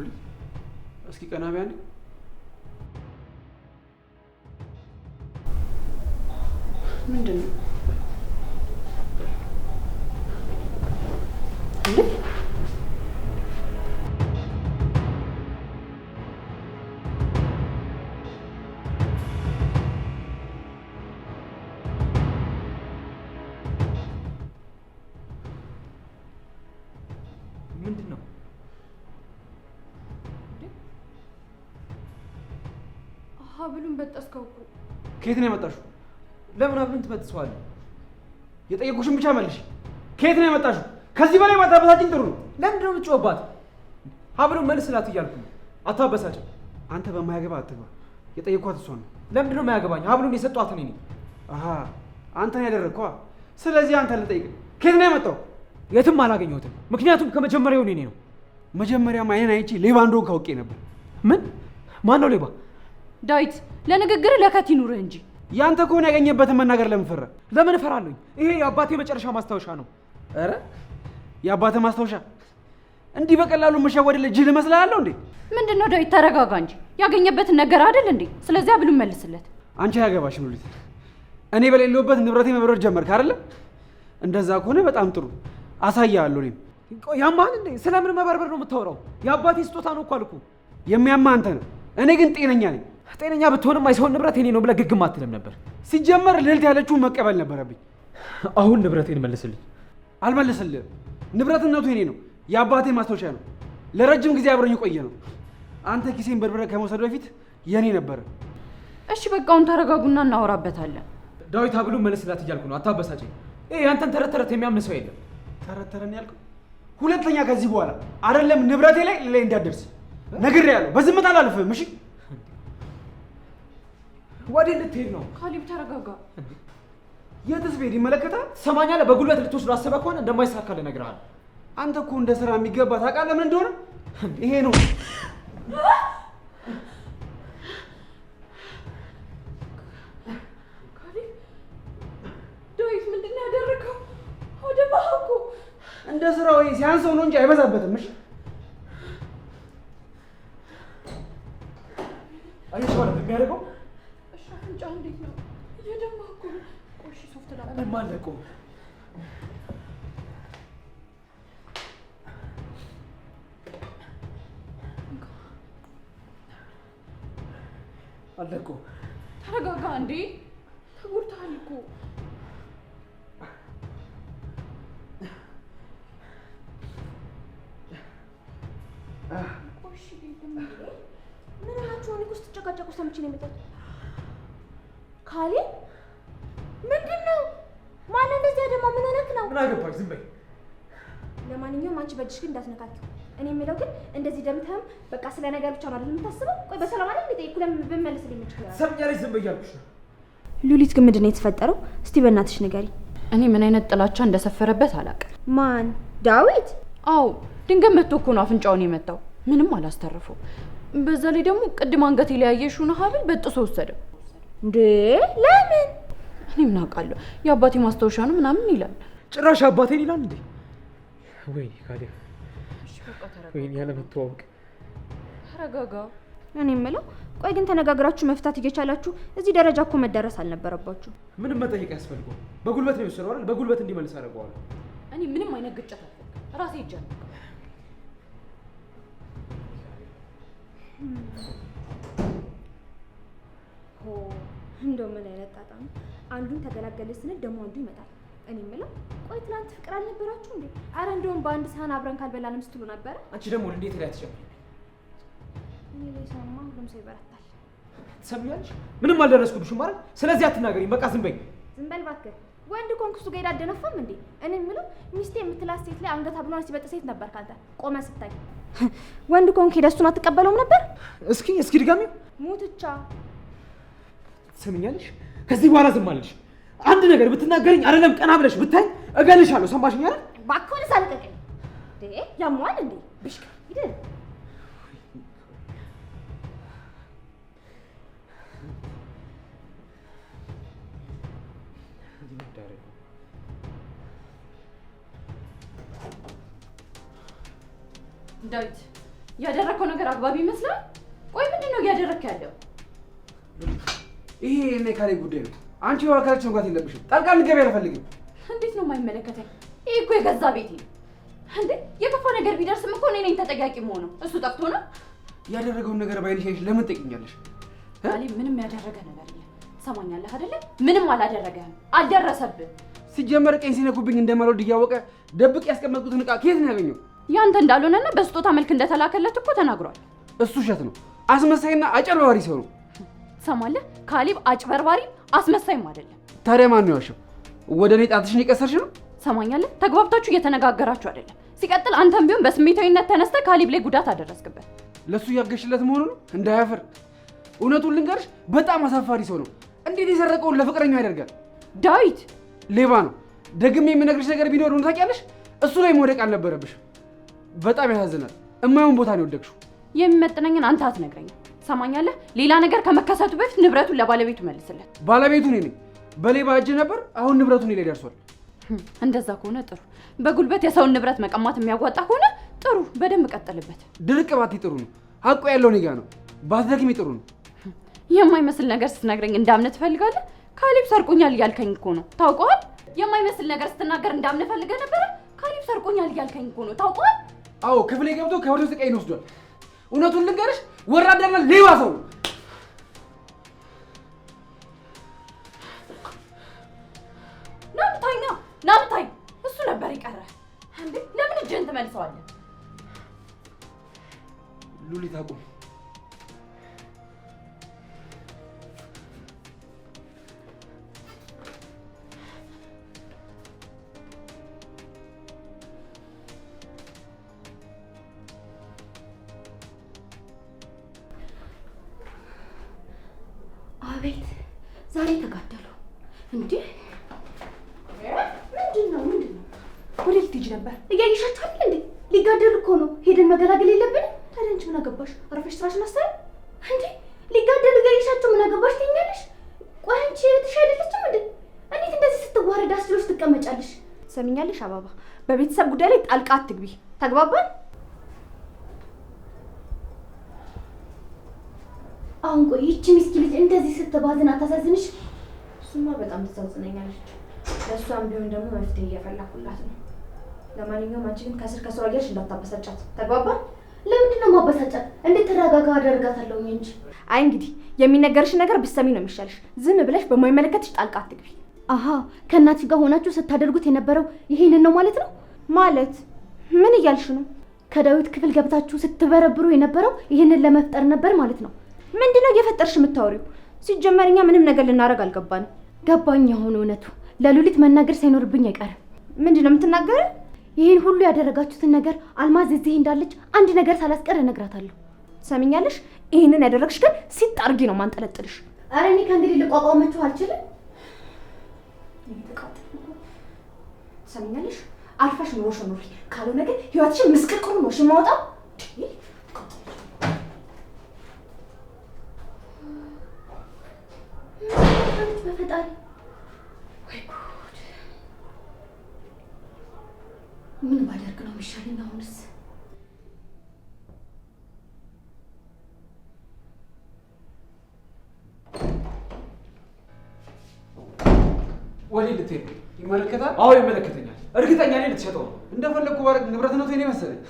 थोड़ी उसकी कहना बयान मिनट ሀብሉን በጠስከው እኮ። ከየት ነው የመጣሽው? ለምን ሀብሉን ትበጥሰዋለህ? የጠየቁሽን ብቻ መልሽ። ከየት ነው የመጣሽው? ከዚህ በላይ ባታበሳጭኝ ጥሩ ነው። ለምንድን ነው የምትጮህባት? ሀብሉን መልስ ላት እያልኩ ነው። አንተ በማያገባ አትግባ። የጠየኳት እሷ ነው። ለምንድን ነው የማያገባኝ? ሀብሉን የሰጧት እኔ ነኝ። አሀ አንተን ያደረግኳ። ስለዚህ አንተ ልጠይቅ። ከየት ነው የመጣው? የትም አላገኘሁትም። ምክንያቱም ከመጀመሪያው እኔ ነው። መጀመሪያም አይኔን አይቼ ሌባ እንደሆንክ አውቄ ነበር። ምን? ማን ነው ሌባ? ዳዊት ለንግግር ለከት ይኑርህ እንጂ ያንተ ከሆነ ያገኘበትን መናገር ለምን ፈራ? ለምን እፈራለሁኝ? ይሄ የአባቴ መጨረሻ ማስታወሻ ነው። ኧረ የአባቴ ማስታወሻ እንዲህ በቀላሉ መሸወድ ላይ ጅል እንዴ? ምንድን ነው ዳዊት ተረጋጋ እንጂ ያገኘበትን ነገር አይደል እንዴ? ስለዚህ ብሉ መልስለት። አንቺ አያገባሽም ሉሊት። እኔ በሌለሁበት ንብረቴ መብረር ጀመርክ አይደለ? እንደዛ ከሆነ በጣም ጥሩ አሳያለሁ። እኔም ያማህን እንዴ? ስለምን መበርበር ነው የምታወራው? የአባቴ ስጦታ ነው እኮ አልኩህ። አንተ ነው። እኔ ግን ጤነኛ ነኝ። ጤነኛ ብትሆንም አይሰውን ንብረት የኔ ነው ብለህ ግግም አትልም ነበር። ሲጀመር ልዕልት ያለችውን መቀበል ነበረብኝ። አሁን ንብረቴን መልስልኝ። አልመልስልህም። ንብረትነቱ የኔ ነው፣ የአባቴ ማስታወሻ ነው። ለረጅም ጊዜ አብረኝ ቆየ ነው። አንተ ኪሴን በርብረ ከመውሰድ በፊት የኔ ነበረ። እሺ በቃ አሁን ተረጋጉና እናወራበታለን። ዳዊት አብሉ መልስላት እያልኩ ነው፣ አታበሳጭኝ። ይሄ ያንተን ተረት ተረት የሚያምን ሰው የለም። ተረት ተረት ያልኩ ሁለተኛ ከዚህ በኋላ አይደለም ንብረቴ ላይ ሌላ እንዳትደርስ ነግሬሃለሁ። በዝምታ አላልፍህም። እሺ ወዴት ልትሄድ ነው? ካሊብ ተረጋጋ። የትስ ቤት ይመለከታል? ላይ በጉልበት ልትወስዶ አሰበ ከሆነ እንደማይሳካል እነግርሃለሁ። አንተ እኮ እንደ ስራ የሚገባ ታውቃለህ ምን እንደሆነ? ይሄ ነው እንደ ስራው ሲያንሰው ነው እንጂ አይበዛበትም። እሺ አየሽ ማለት የሚያደርገው አፍንጫ እንዴት ነው የደማ? እኮ ቆሺ ሶፍት ላ ማለቆ አለቆ። ተረጋጋ እንዴ፣ ተጎድተሃል እኮ ልጅሽ ግን እንዳትነካኪው። እኔ የምለው ግን እንደዚህ ደምተህም በቃ ስለ ነገር ብቻ ማለት የምታስበው? ቆይ በሰላም አይደል እንዴ? ለምን ብመለስልኝ ይችላል። ሰምኛለሽ፣ ዝም ብያልኩሽ። ሉሊት ግን ምንድን ነው የተፈጠረው? እስቲ በእናትሽ ንገሪ። እኔ ምን አይነት ጥላቻ እንደሰፈረበት አላውቅም። ማን? ዳዊት? አዎ፣ ድንገት መጥቶ እኮ ነው አፍንጫውን የመታው። ምንም አላስተረፈው። በዛ ላይ ደግሞ ቅድም አንገት የለያየሽውን ሀብል በጥሶ ወሰደው። እንዴ ለምን? እኔ ምን አውቃለሁ። የአባቴ ማስታወሻ ነው ምናምን ይላል። ጭራሽ አባቴን ይላል እንዴ ወይኔ ካሌብ፣ ወይኔ ያለመተዋወቅ። ተረጋጋ። እኔ የምለው ቆይ ግን ተነጋግራችሁ መፍታት እየቻላችሁ እዚህ ደረጃ እኮ መደረስ አልነበረባችሁ። ምንም መጠየቅ ያስፈልገው በጉልበት ነው የወሰደው አይደል? በጉልበት እንዲመልስ አደርገዋለሁ። እኔ ምንም አይነት ግጭት ራሴ ይጃል እንደው ምን አይነት ጣጣ ነው! አንዱን ተገላገለ ስንል ደግሞ አንዱ ይመጣል። እኔ የምለው ቆይ ትላንት ፍቅር አልነበራችሁ እንዴ? አረ እንደውም በአንድ ሳህን አብረን ካልበላንም ስትሉ ነበረ። አንቺ ደግሞ እንዴት ላይ ትጀምሪ? እኔ ላይ ሰማ ሁሉም ሰው ይበረታል። ትሰሚያለሽ? ምንም አልደረስኩብሽ ማለት ስለዚህ አትናገሪ፣ በቃ ዝም በይ። ዝም በል እባክህ። ወንድ ኮንክ ጋር አደነፋም እንዴ? እኔ የምለው ሚስቴ የምትላት ሴት ላይ አንገታ ብሎ ሲበጥ ሴት ነበር ካንተ ቆመ ስታይ። ወንድ ኮንክ ሄደህ አትቀበለውም ነበር? እስኪ እስኪ ድጋሚ ሙትቻ። ትሰሚኛለሽ? ከዚህ በኋላ ዝም አለሽ አንድ ነገር ብትናገርኝ አይደለም ቀና ብለሽ ብታይ እገልሻለሁ። ሰማሽኝ አይደል? እባክህን ሳልቀቀኝ ዴ ያሟል እንዴ ብሽካ ሂደ ዳዊት ያደረከው ነገር አግባብ ይመስላል። ቆይ ምንድን ነው እያደረክ ያለው? ይሄ የኔ ካሬ ጉዳይ ነው። አንቺ በመካከላችን መግባት የለብሽም። ጣልቃ እንገቢ አልፈልግም። እንዴት ነው የማይመለከተኝ? ይህ እኮ የገዛ ቤቴ እንዴ! የከፋ ነገር ቢደርስም እኮ እኔ ነኝ ተጠያቂ መሆነው። እሱ ጠፍቶ ነው ያደረገውን ነገር ባይነሽ ለምን ጠይቅኛለሽ? አሊ ምንም ያደረገ ነገር የለም። ሰማኛለህ አይደለ? ምንም አላደረገህም፣ አልደረሰብህ። ሲጀመር ቀኝ ሲነኩብኝ እንደማልወድ እያወቀ ደብቅ ያስቀመጥኩትን እቃ ከየት ነው ያገኘው? ያንተ እንዳልሆነና በስጦታ መልክ እንደተላከለት እኮ ተናግሯል። እሱ ውሸት ነው። አስመሳይና አጭበርባሪ ሰው ነው። ሰማለህ ካሊብ፣ አጭበርባሪ አስመሳይም አይደለም። ታዲያ ማን ነው ያልሽው? ወደ እኔ ጣትሽን የቀሰርሽ ነው? ሰማኛለን። ተግባብታችሁ እየተነጋገራችሁ አይደለም። ሲቀጥል አንተም ቢሆን በስሜታዊነት ተነስተ ካሊብ ላይ ጉዳት አደረስክበት። ለእሱ እያገሽለት መሆኑ ነው። እንዳያፍር። እውነቱን ልንገርሽ፣ በጣም አሳፋሪ ሰው ነው። እንዴት የሰረቀውን ለፍቅረኛው ያደርጋል? ዳዊት ሌባ ነው። ደግሜ የሚነግርሽ ነገር ቢኖር ሆን ታውቂያለሽ፣ እሱ ላይ መውደቅ አልነበረብሽ። በጣም ያሳዝናል። እማይሆን ቦታ ነው የወደቅሽው። የሚመጥነኝን አንተ አትነግረኝም። ትሰማኛለህ? ሌላ ነገር ከመከሰቱ በፊት ንብረቱን ለባለቤቱ መልስለት። ባለቤቱ እኔ ነኝ። በሌባ እጅ ነበር፣ አሁን ንብረቱ እኔ ላይ ደርሷል። እንደዛ ከሆነ ጥሩ። በጉልበት የሰውን ንብረት መቀማት የሚያዋጣ ከሆነ ጥሩ፣ በደንብ ቀጥልበት። ድርቅ ባቲ ጥሩ ነው። ሀቁ ያለው እኔ ጋ ነው። ባትደክሚ ጥሩ ነው። የማይመስል ነገር ስትነግረኝ እንዳምነት ትፈልጋለህ? ካሊብ ሰርቆኛል እያልከኝ እኮ ነው። ታውቀዋል። የማይመስል ነገር ስትናገር እንዳምነት ፈልገህ ነበረ። ካሊብ ሰርቆኛል እያልከኝ እኮ ነው። ታውቀዋል። አዎ፣ ክፍሌ ገብቶ ከብዶ ስቃይን ወስዷል። እውነቱን ልንገርሽ ወራዳና ሌባ ሰው ናምታኝ ናምታኝ እሱ ነበር የቀረ። እንዴ ለምን እጅህን ትመልሰዋለን? ሉሊት አቁም። አቤት ዛሬ ተጋደሉ እንዴ? ምንድን ነው ምንድን ነው? ወደ ልትሄጂ ነበር? እያየሻቸው አይደል እንዴ? ሊጋደሉ እኮ ነው። ሄደን መገላገል የለብን? ታዲያ አንቺ ምን አገባሽ? አረፈሽ ስራሽን አሰሪ እንዴ። ሊጋደሉ እያየሻቸው ምን አገባሽ ትይኛለሽ? ቆይ አንቺ እህትሽ አይደለችም እንዴ? እንዴት እንደዚህ ስትዋረድ አስችሎች ትቀመጫለሽ? ሰሚኛለሽ አባባ፣ በቤተሰብ ጉዳይ ላይ ጣልቃ አትግቢ። ተግባባን? አሁን ቆይ ይቺ ምስኪን ልጅ እንደዚህ ስትባዝን አታሳዝንሽ? እሱማ በጣም ትሳዝነኛለች። ለእሷም ቢሆን ደግሞ መፍትሄ እየፈላኩላት ነው። ለማንኛውም አንቺ ግን ከስር ከሰው አያሽ እንዳታበሳጫት፣ ተግባባል? ለምንድን ነው ማበሳጫት? እንድትረጋጋ አደርጋታለሁ እንጂ። አይ እንግዲህ የሚነገርሽ ነገር ብትሰሚ ነው የሚሻልሽ። ዝም ብለሽ በማይመለከትሽ ጣልቃ አትግቢ። አሀ ከእናትሽ ጋር ሆናችሁ ስታደርጉት የነበረው ይሄንን ነው ማለት ነው? ማለት ምን እያልሽ ነው? ከዳዊት ክፍል ገብታችሁ ስትበረብሩ የነበረው ይህንን ለመፍጠር ነበር ማለት ነው። ምንድነው እየፈጠርሽ የምታወሪው? ሲጀመር እኛ ምንም ነገር ልናደርግ አልገባን። ገባኝ። አሁን እውነቱ ለሉሊት መናገር ሳይኖርብኝ አይቀርም። ምንድነው የምትናገር? ይህን ሁሉ ያደረጋችሁትን ነገር አልማዝ እዚህ እንዳለች አንድ ነገር ሳላስቀር እነግራታለሁ። ሰሚኛለሽ? ይህንን ያደረግሽ ግን ሲጣርጊ ነው ማንጠለጥልሽ። አረ እኔ ከእንግዲህ ልቋቋመችሁ አልችልም። ሰሚኛለሽ? አልፋሽ ኖሮሽ ኖሪ፣ ካልሆነ ግን ህይወትሽን ምስቅልቅሉ ነው ሽማወጣ በፈጣሪ ወይ ጉድ! ምን ባደርግ ነው የሚሻለኝ? አሁንስ ወዴት ልትሄድ ይመለከታል? አዎ ይመለከተኛል። እርግጠኛ ነኝ ልትሸጠው ነው። እንደፈለግኩ ባደርግ ንብረት ነው የእኔ መሰለኝ።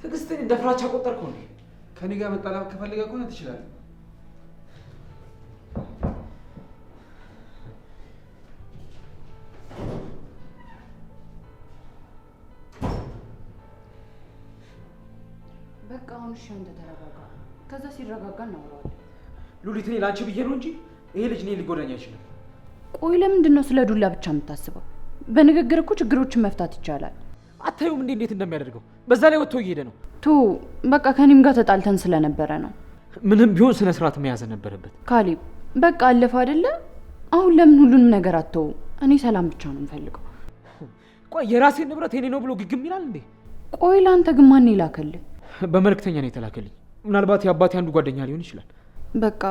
ትዕግስትን እንደ ፍራቻ ቆጠርከው። ከእኔ ጋር መጣላት ከፈለገ ከሆነ ትችላለህ በቃ አሁን እሺ፣ አንተ ተረጋጋ። ከዛ ሲረጋጋ እናወራዋለን። ሉሊት፣ እኔ ለአንቺ ብዬ ነው እንጂ ይሄ ልጅ እኔን ሊጎዳኝ አይችልም። ቆይ ለምንድን ነው ስለ ዱላ ብቻ የምታስበው? በንግግር እኮ ችግሮችን መፍታት ይቻላል። አታዩም እንዴ እንዴት እንደሚያደርገው? በዛ ላይ ወጥቶ እየሄደ ነው። ቱ በቃ ከኔም ጋር ተጣልተን ስለነበረ ነው። ምንም ቢሆን ስነ ስርዓት መያዝ ነበረበት። ካሌብ፣ በቃ አለፈ አይደለ? አሁን ለምን ሁሉንም ነገር አተው? እኔ ሰላም ብቻ ነው የምፈልገው። ቆይ የራሴን ንብረት የኔ ነው ብሎ ግግም ይላል እንዴ? ቆይ ለአንተ ግን ማን ይላከልህ? በመልእክተኛ ነው የተላከልኝ። ምናልባት የአባቴ አንዱ ጓደኛ ሊሆን ይችላል። በቃ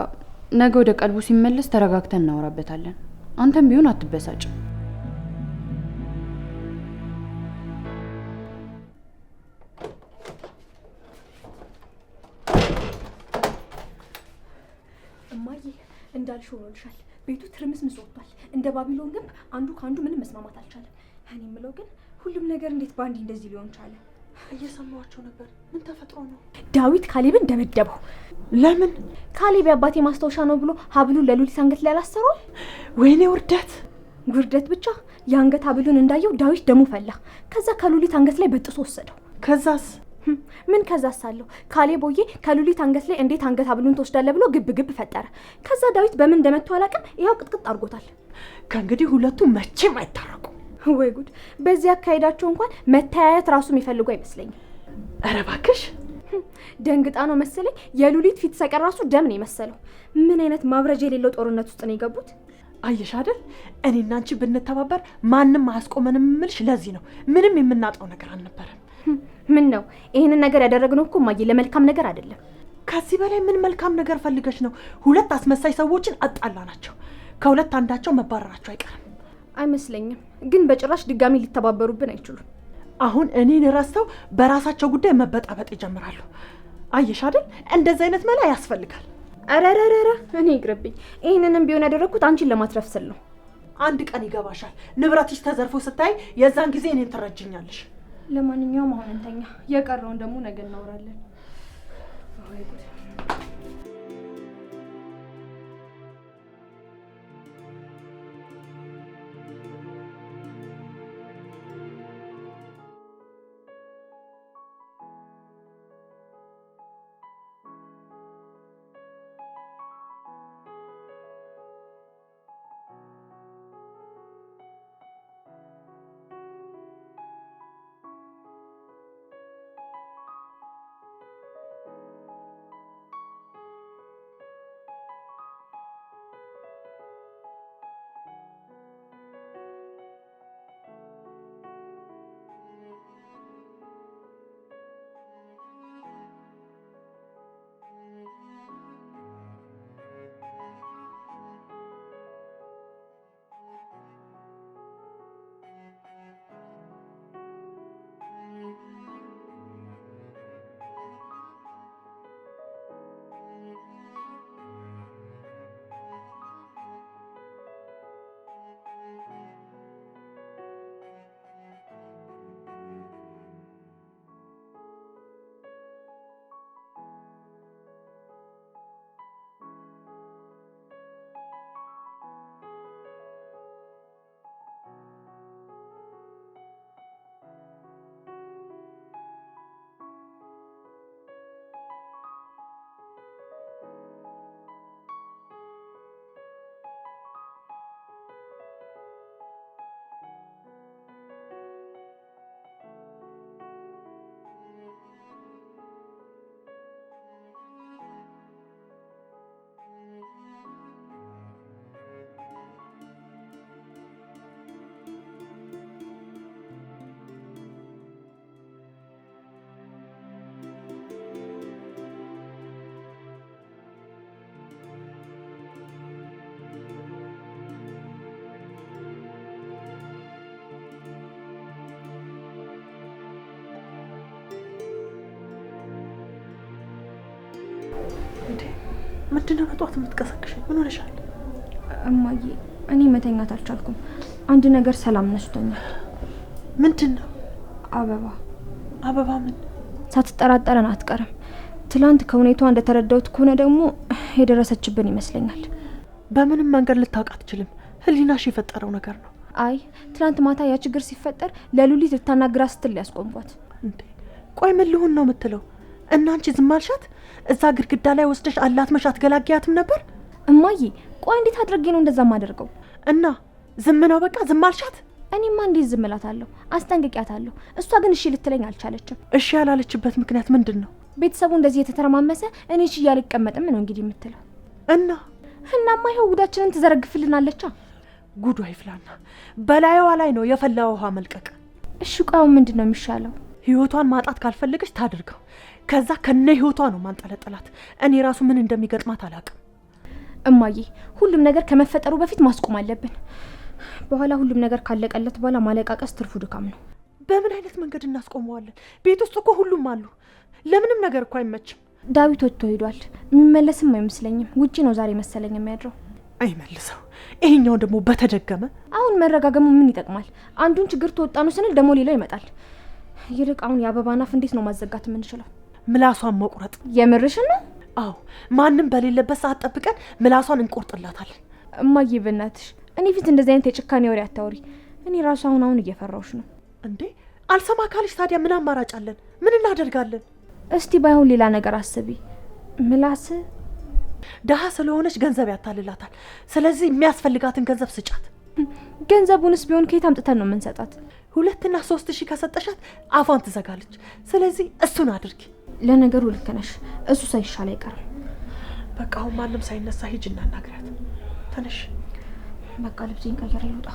ነገ ወደ ቀልቡ ሲመለስ ተረጋግተን እናወራበታለን። አንተም ቢሆን አትበሳጭ። እማዬ እንዳልሽ ሆኖልሻል። ቤቱ ትርምስምስ ወጥቷል። እንደ ባቢሎን ግንብ አንዱ ከአንዱ ምንም መስማማት አልቻለም። እኔ የምለው ግን ሁሉም ነገር እንዴት በአንድ እንደዚህ ሊሆን ቻለ? እየሰማኋቸው ነበር። ምን ተፈጥሮ ነው? ዳዊት ካሌብን ደበደበው። ለምን? ካሌብ የአባቴ ማስታወሻ ነው ብሎ ሀብሉን ለሉሊት አንገት ላይ አላሰረው? ወይኔ ውርደት! ውርደት ብቻ። የአንገት ሀብሉን እንዳየው ዳዊት ደሙ ፈላ። ከዛ ከሉሊት አንገት ላይ በጥሶ ወሰደው። ከዛስ? ምን ከዛስ አለው። ካሌቦዬ ከሉሊት አንገት ላይ እንዴት አንገት ሀብሉን ትወስዳለህ ብሎ ግብ ግብ ፈጠረ። ከዛ ዳዊት በምን እንደመቱ አላውቅም፣ ይኸው ቅጥቅጥ አድርጎታል። ከእንግዲህ ሁለቱ መቼም አይታረቁም። ወይ ጉድ! በዚህ አካሄዳቸው እንኳን መተያየት ራሱ የሚፈልጉ አይመስለኝም። እረ እባክሽ ደንግጣ ነው መሰለኝ የሉሊት ፊት ሰቀር ራሱ ደም ነው የመሰለው። ምን አይነት ማብረጃ የሌለው ጦርነት ውስጥ ነው የገቡት። አየሽ አይደል እኔና አንቺ ብንተባበር ማንም አያስቆመንም የምልሽ ለዚህ ነው። ምንም የምናጣው ነገር አልነበረም። ምን ነው ይህንን ነገር ያደረግነው እኮ እማዬ ለመልካም ነገር አይደለም። ከዚህ በላይ ምን መልካም ነገር ፈልገሽ ነው? ሁለት አስመሳይ ሰዎችን አጣላ ናቸው። ከሁለት አንዳቸው መባረራቸው አይቀርም አይመስለኝም። ግን በጭራሽ ድጋሚ ሊተባበሩብን አይችሉም። አሁን እኔን ረስተው በራሳቸው ጉዳይ መበጣበጥ ይጀምራሉ። አየሽ አይደል? እንደዚህ አይነት መላ ያስፈልጋል። ረረረረ እኔ ይቅርብኝ። ይህንንም ቢሆን ያደረግኩት አንቺን ለማትረፍ ስል ነው። አንድ ቀን ይገባሻል። ንብረትሽ ተዘርፎ ስታይ የዛን ጊዜ እኔን ትረጅኛለሽ። ለማንኛውም አሁን እንተኛ፣ የቀረውን ደግሞ ነገ እናወራለን። ምንድነው በጠዋት የምትቀሰቅሽኝ? ምን ሆነሻል? እማዬ እኔ መተኛት አልቻልኩም። አንድ ነገር ሰላም ነስቶኛል። ምንድን ነው? አበባ አበባ ምን? ሳትጠራጠረን አትቀርም። ትላንት ከሁኔቷ እንደተረዳሁት ከሆነ ደግሞ የደረሰችብን ይመስለኛል። በምንም መንገድ ልታውቅ አትችልም። ህሊናሽ የፈጠረው ነገር ነው። አይ ትላንት ማታ ያ ችግር ሲፈጠር ለሉሊት ልታናግራ ስትል ያስቆምኳት። እንዴ ቆይ ምን ልሁን ነው የምትለው? እና አንቺ ዝም አልሻት? እዛ ግድግዳ ላይ ወስደሽ መሽ አትገላግያትም ነበር? እማዬ ቆይ እንዴት አድርጌ ነው እንደዛ ማደርገው? እና ዝም ነው በቃ ዝም አልሻት? እኔማ እንዴት ዝም እላታለሁ? አስጠንቅቂያታለሁ። እሷ ግን እሺ ልትለኝ አልቻለችም። እሺ ያላለችበት ምክንያት ምንድን ነው? ቤተሰቡ እንደዚህ የተተረማመሰ እኔ እሺ እያልቀመጥም ነው እንግዲህ የምትለው እና እናማ ይኸው ጉዳችንን ትዘረግፍልናለቻ። ጉዱ አይፍላና በላዩዋ ላይ ነው የፈላ ውሃ መልቀቅ። እሺ ቃው ምንድን ነው የሚሻለው? ህይወቷን ማጣት ካልፈለገች ታድርገው። ከዛ ከነ ህይወቷ ነው ማንጠለጠላት። እኔ ራሱ ምን እንደሚገጥማት አላቅም እማዬ፣ ሁሉም ነገር ከመፈጠሩ በፊት ማስቆም አለብን። በኋላ ሁሉም ነገር ካለቀለት በኋላ ማለቃቀስ ትርፉ ድካም ነው። በምን አይነት መንገድ እናስቆመዋለን? ቤት ውስጥ እኮ ሁሉም አሉ። ለምንም ነገር እኮ አይመችም። ዳዊት ወጥቶ ሄዷል። የሚመለስም አይመስለኝም። ውጪ ነው ዛሬ መሰለኝ የሚያድረው። አይመልሰው። ይሄኛው ደግሞ በተደገመ አሁን መረጋገሙ ምን ይጠቅማል? አንዱን ችግር ተወጣኑ ስንል ደግሞ ሌላው ይመጣል። ይልቅ አሁን የአበባ ናፍ እንዴት ነው ማዘጋት የምንችለው? ምላሷን መቁረጥ። የምርሽን ነው? አዎ፣ ማንም በሌለበት ሰዓት ጠብቀን ምላሷን እንቆርጥላታለን። እማዬ በእናትሽ እኔ ፊት እንደዚህ አይነት የጭካኔ ወሬ አታውሪ። እኔ ራሱ አሁን አሁን እየፈራሁሽ ነው። እንዴ አልሰማ ካለሽ ታዲያ ምን አማራጭ አለን? ምን እናደርጋለን? እስቲ ባይሆን ሌላ ነገር አስቢ። ምላስ ደሃ ስለሆነች ገንዘብ ያታልላታል። ስለዚህ የሚያስፈልጋትን ገንዘብ ስጫት። ገንዘቡንስ ቢሆን ከየት አምጥተን ነው የምንሰጣት? ሁለትና ሶስት ሺህ ከሰጠሻት አፏን ትዘጋለች። ስለዚህ እሱን አድርጊ። ለነገሩ ልክ ነሽ። እሱ ሳይሻል አይቀርም። በቃ አሁን ማንም ሳይነሳ ሂጅ እናናግሪያት። ተነሽ በቃ ልብሴን ቀይሬ ልውጣ።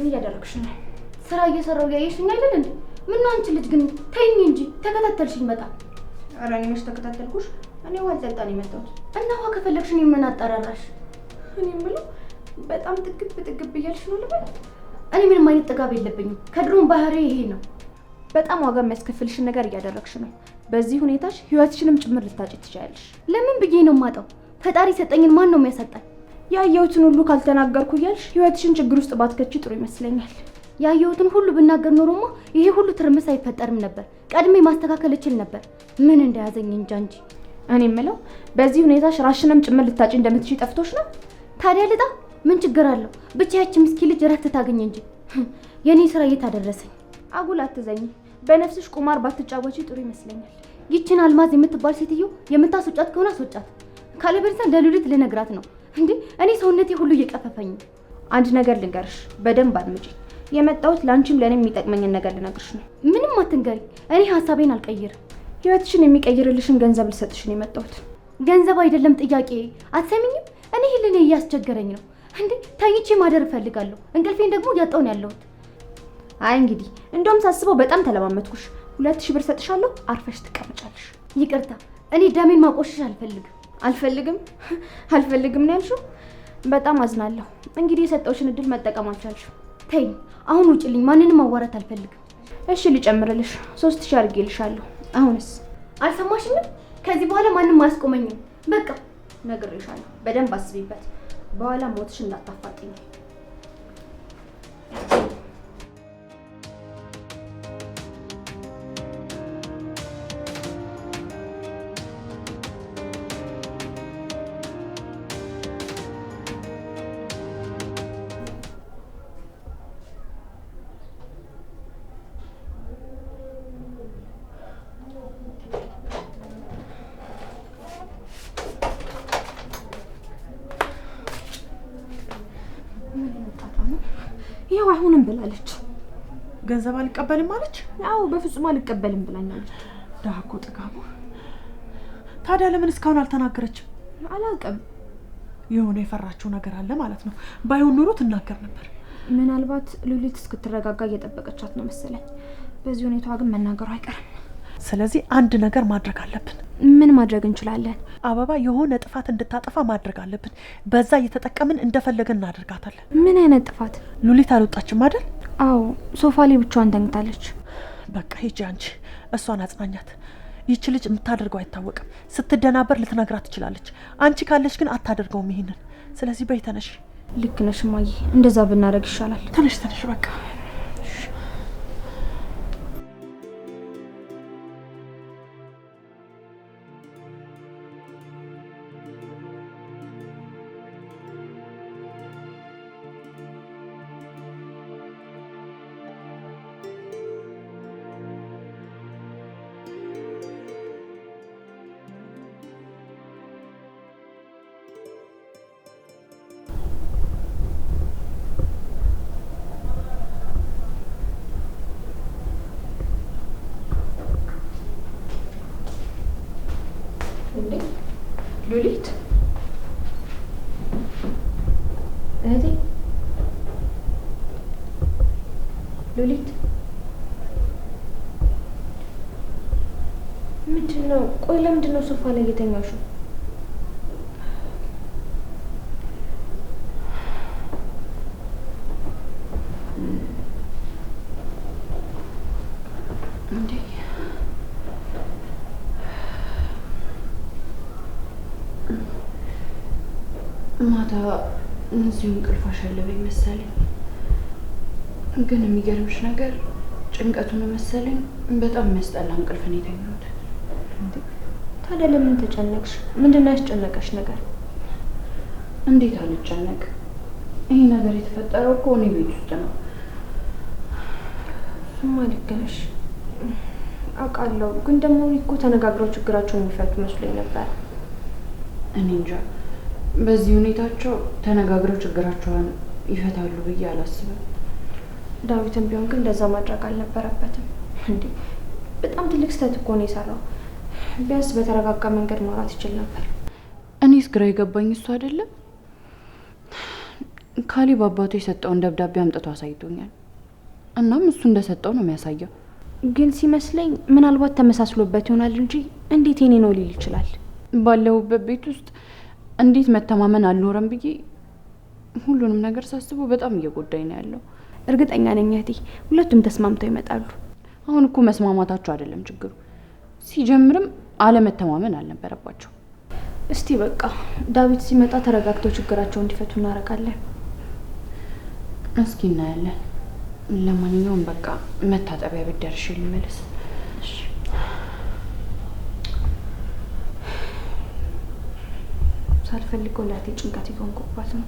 ምን እያደረግሽ ነው? ስራ እየሰራው እያየሽኝ አይደል እንዴ? ምን አንቺ ልጅ ግን ተይኝ እንጂ ተከታተልሽኝ መጣ ኧረ እኔ መች ተከታተልኩሽ? እኔ ውሃ ልጠጣ ነው የመጣሁት። እና ውሃ ከፈለግሽ እኔ ምን አጠራራሽ? እኔ የምለው በጣም ጥግብ ጥግብ እያልሽ ነው ልበል? እኔ ምንም አይነት ጥጋብ የለብኝም። ከድሮም ባህሪ ይሄ ነው። በጣም ዋጋ የሚያስከፍልሽን ነገር እያደረግሽ ነው። በዚህ ሁኔታሽ ህይወትሽንም ጭምር ልታጭ ትችያለሽ። ለምን ብዬ ነው የማጣው? ፈጣሪ ሰጠኝን ማን ነው የሚያሳጣኝ? ያየሁትን ሁሉ ካልተናገርኩ እያልሽ ህይወትሽን ችግር ውስጥ ባትከቺ ጥሩ ይመስለኛል። ያየሁትን ሁሉ ብናገር ኖሮማ ይሄ ሁሉ ትርምስ አይፈጠርም ነበር። ቀድሜ ማስተካከል እችል ነበር። ምን እንደያዘኝ እንጃ እንጂ። እኔ የምለው በዚህ ሁኔታሽ ራሽንም ጭምር ልታጭ እንደምትሽ ጠፍቶሽ ነው። ታዲያ ልጣ፣ ምን ችግር አለው? ብቻ ያቺ ምስኪን ልጅ እረፍት ታገኝ እንጂ። የእኔ ስራ እየታደረሰኝ። አጉል አትዘኝ። በነፍስሽ ቁማር ባትጫወቺ ጥሩ ይመስለኛል። ይችን አልማዝ የምትባል ሴትዮ የምታስወጫት ከሆነ አስወጫት፣ ካለበለዚያ ለሉሊት ልነግራት ነው እንዴ እኔ ሰውነቴ ሁሉ እየቀፈፈኝ። አንድ ነገር ልንገርሽ፣ በደንብ አድምጪኝ። የመጣሁት ለአንቺም ለእኔም የሚጠቅመኝን ነገር ልነግርሽ ነው። ምንም አትንገሪ፣ እኔ ሀሳቤን አልቀይርም። ህይወትሽን የሚቀይርልሽን ገንዘብ ልሰጥሽ ነው የመጣሁት። ገንዘብ አይደለም ጥያቄ፣ አትሰሚኝም? እኔ ህልኔ እያስቸገረኝ ነው። እንዴ ተኝቼ ማደር እፈልጋለሁ። እንቅልፌን ደግሞ እያጣሁ ነው ያለሁት። አይ እንግዲህ እንደውም ሳስበው በጣም ተለማመጥኩሽ። ሁለት ሺህ ብር ሰጥሻለሁ፣ አርፈሽ ትቀመጫለሽ። ይቅርታ፣ እኔ ደሜን ማቆሸሽ አልፈልግም። አልፈልግም አልፈልግም ነው ያልሽው። በጣም አዝናለሁ። እንግዲህ የሰጠውሽን እድል መጠቀም አልቻልሽም። ተይ አሁን ውጭልኝ፣ ማንንም ማዋራት አልፈልግም። እሺ ልጨምርልሽ፣ ሶስት ሺህ አድርጌልሻለሁ። አሁንስ አልሰማሽንም? ከዚህ በኋላ ማንም አያስቆመኝም። በቃ ነግሬሻለሁ፣ በደንብ አስቢበት። በኋላ ሞትሽ እንዳታፋጥኝ። ብላለች። ገንዘብ አልቀበልም አለች? አዎ በፍጹም አልቀበልም ብላኛለች። ደሃ እኮ ጥጋቡ። ታዲያ ለምን እስካሁን አልተናገረችም? አላውቅም። የሆነ የፈራችው ነገር አለ ማለት ነው። ባይሆን ኑሮ ትናገር ነበር። ምናልባት ሉሊት እስክትረጋጋ እየጠበቀቻት ነው መሰለኝ። በዚህ ሁኔታዋ ግን መናገሩ አይቀርም። ስለዚህ አንድ ነገር ማድረግ አለብን። ምን ማድረግ እንችላለን? አበባ የሆነ ጥፋት እንድታጠፋ ማድረግ አለብን። በዛ እየተጠቀምን እንደፈለገን እናደርጋታለን። ምን አይነት ጥፋት? ሉሊት አልወጣችም አይደል? አዎ፣ ሶፋ ላይ ብቻዋን ተኝታለች። በቃ ሂጂ አንቺ፣ እሷን አጽናኛት። ይቺ ልጅ የምታደርገው አይታወቅም። ስትደናበር ልትነግራት ትችላለች። አንቺ ካለች ግን አታደርገውም ይሄንን። ስለዚህ በይ ተነሽ። ልክ ነሽ እማዬ፣ እንደዛ ብናደርግ ይሻላል። ተነሽ ተነሽ፣ በቃ ሉሊት እህቴ ሉሊት ምንድን ነው? ቆይ ለምንድን ነው ሶፋ ላይ የተኛሽው? ማታ እዚሁ እንቅልፍ አሸለበኝ መሰለኝ። ግን የሚገርምሽ ነገር ጭንቀቱን መሰለኝ በጣም የሚያስጠላ እንቅልፍ ነው የተኛሁት። ታዲያ ለምን ተጨነቅሽ? ምንድን ነው ያስጨነቀሽ ነገር? እንዴት አልጨነቅ? ይሄ ነገር የተፈጠረው እኮ እኔ ቤት ውስጥ ነው። እሱማ ልክ ነሽ አውቃለሁ። ግን ደግሞ እኮ ተነጋግረው ችግራቸውን የሚፈቱ መስሎኝ ነበር። እኔ እንጃ። በዚህ ሁኔታቸው ተነጋግረው ችግራቸውን ይፈታሉ ብዬ አላስብም። ዳዊትም ቢሆን ግን እንደዛ ማድረግ አልነበረበትም። እንዴ በጣም ትልቅ ስህተት እኮ ነው የሰራው። ቢያንስ በተረጋጋ መንገድ ማውራት ይችል ነበር። እኔስ ግራ የገባኝ እሱ አይደለም። ካሌብ አባቱ የሰጠውን ደብዳቤ አምጥቶ አሳይቶኛል። እናም እሱ እንደሰጠው ነው የሚያሳየው። ግን ሲመስለኝ ምናልባት ተመሳስሎበት ይሆናል እንጂ እንዴት የኔ ነው ሊል ይችላል። ባለሁበት ቤት ውስጥ እንዴት መተማመን አልኖረም ብዬ ሁሉንም ነገር ሳስበው በጣም እየጎዳኝ ነው ያለው። እርግጠኛ ነኝ እህቴ፣ ሁለቱም ተስማምተው ይመጣሉ። አሁን እኮ መስማማታቸው አይደለም ችግሩ፣ ሲጀምርም አለመተማመን አልነበረባቸው። እስቲ በቃ ዳዊት ሲመጣ ተረጋግተው ችግራቸውን እንዲፈቱ እናደርጋለን። እስኪ እናያለን። ለማንኛውም በቃ መታጠቢያ ብደርሽ ልመለስ። ሳልፈልገው ላቴ ጭንቀት የሆንኩባት ነው።